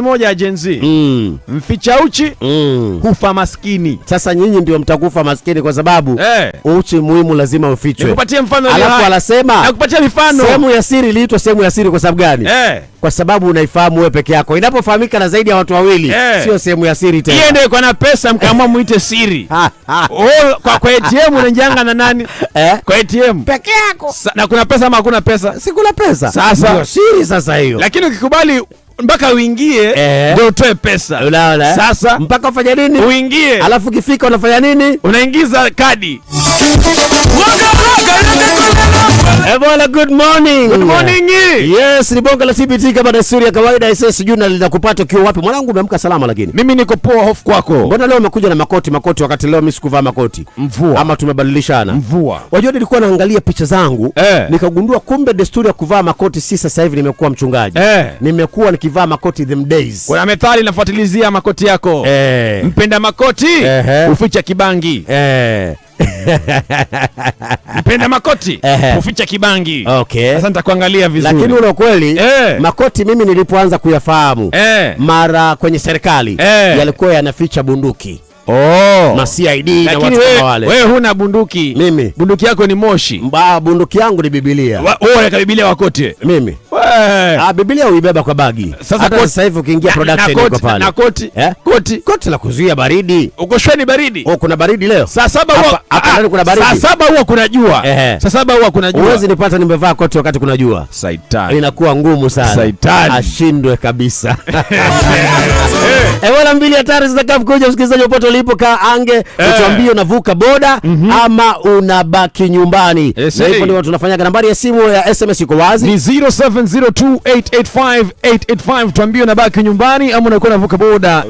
moja ya Gen Z mm. mficha uchi mm. hufa maskini. Sasa nyinyi ndio mtakufa maskini kwa sababu hey. Eh. uchi muhimu lazima ufichwe. Nikupatie mfano, alafu anasema nakupatia mifano. Sehemu ya siri iliitwa sehemu ya siri kwa sababu gani? hey. Eh. kwa sababu unaifahamu wewe peke yako. Inapofahamika na zaidi ya watu wawili hey. Eh. sio sehemu ya siri tena. Yeye ndio yuko na pesa, mkaamua muite siri oh, kwa kwa ATM unajianga na nani eh? kwa ATM peke yako Sa, na kuna pesa ama hakuna pesa? Sikula pesa. Sasa ndio siri sasa hiyo, lakini ukikubali mpaka uingie eh, ndio utoe pesa. Unaona? Sasa mpaka ufanye nini? Uingie. Alafu kifika unafanya nini? Unaingiza kadi. Mwaga, Bwana, good morning. Good morning. Yes, ni bonga la CBT kama desturi ya kawaida. Sasa juu na linakupata ukiwa wapi? Mwanangu umeamka salama lakini. Mimi niko poa, hofu kwako. Mbona leo umekuja na makoti makoti wakati leo mimi sikuvaa makoti? Mvua. Ama tumebadilishana? Mvua. Wajua nilikuwa naangalia picha zangu, eh, nikagundua kumbe desturi ya kuvaa makoti si sasa hivi nimekuwa mchungaji. Eh. Nimekuwa nikivaa makoti them days. Kuna methali nafuatilizia makoti yako. Eh. Mpenda makoti, eh, uficha kibangi. Eh. mpenda makoti kuficha kibangi. Okay. Sasa nitakuangalia vizuri, lakini ule kweli eh, makoti mimi nilipoanza kuyafahamu eh, mara kwenye serikali eh, yalikuwa yanaficha bunduki Oh. Na CID na watu kama wale. Wewe huna bunduki. Mimi. Bunduki yako ni moshi. Mbaa, bunduki yangu ni Biblia. Wewe weka Biblia wakote. Mimi. Wewe. Ah, Biblia uibeba kwa bagi. Sasa koti sasa hivi ukiingia production iko pale. Na koti. Eh? Koti. Koti la kuzuia baridi. Uko shweni baridi. Oh, kuna baridi leo. Saa saba huwa hapa ah, ndani kuna baridi. Saa saba huwa kuna jua. Saa saba huwa kuna jua. Uwezi nipata nimevaa koti wakati kuna jua. Saitani. Inakuwa ngumu sana. Saitani. Ashindwe kabisa. Eh, wala mbili hatari zitakapokuja msikilizaji upoto ulipo kaa ange eh, utuambie unavuka boda mm -hmm. ama unabaki nyumbani yes, eh, na hivyo ndio tunafanyaga. Nambari ya simu ya SMS iko wazi ni 0702885885 tuambie unabaki nyumbani ama unakuwa unavuka boda.